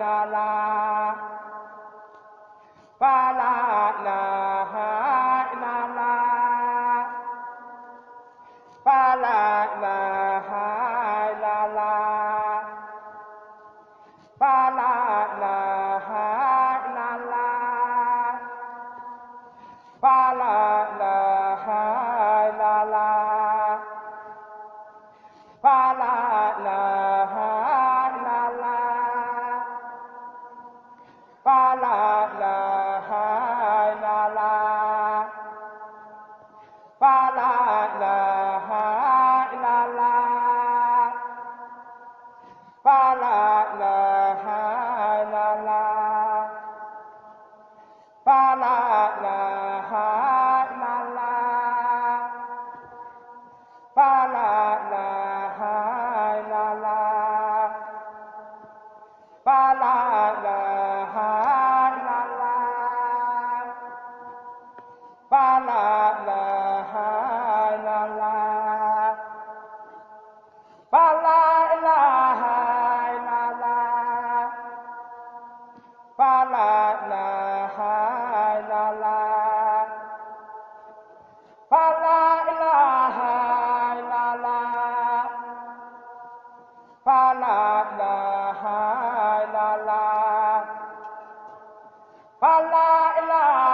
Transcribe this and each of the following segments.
la la fa la ilaha illa la fa la ilaha illa la fa la ilaha illa la fa la ilaha illa la fa la ilaha fala ila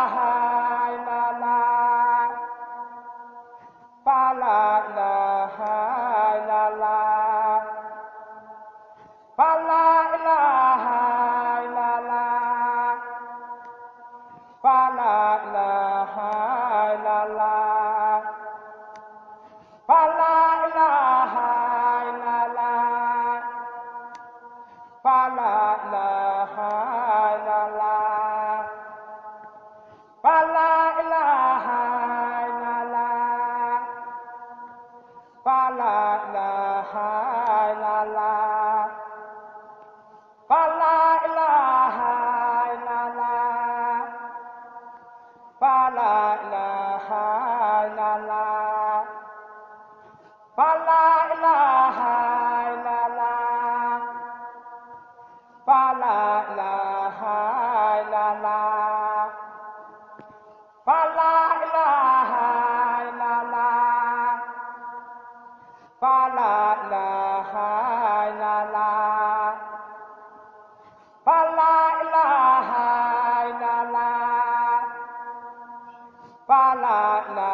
la fa la la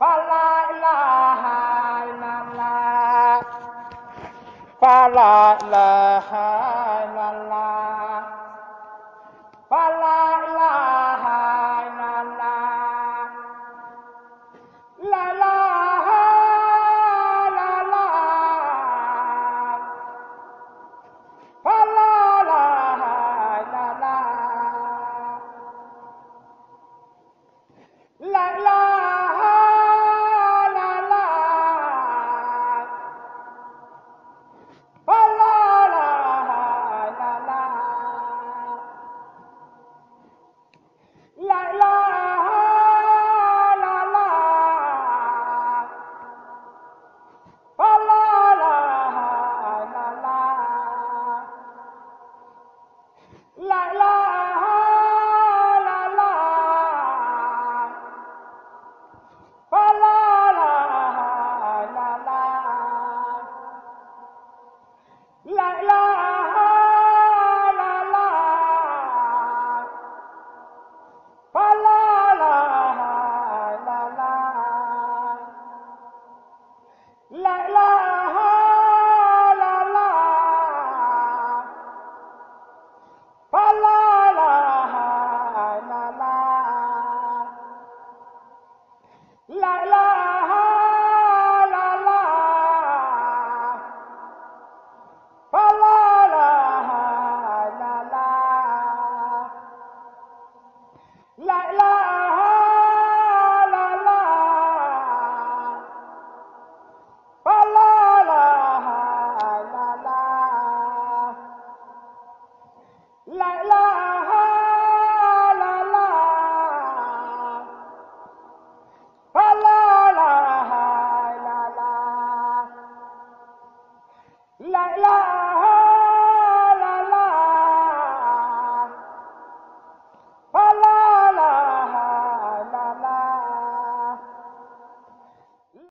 la ilaha la la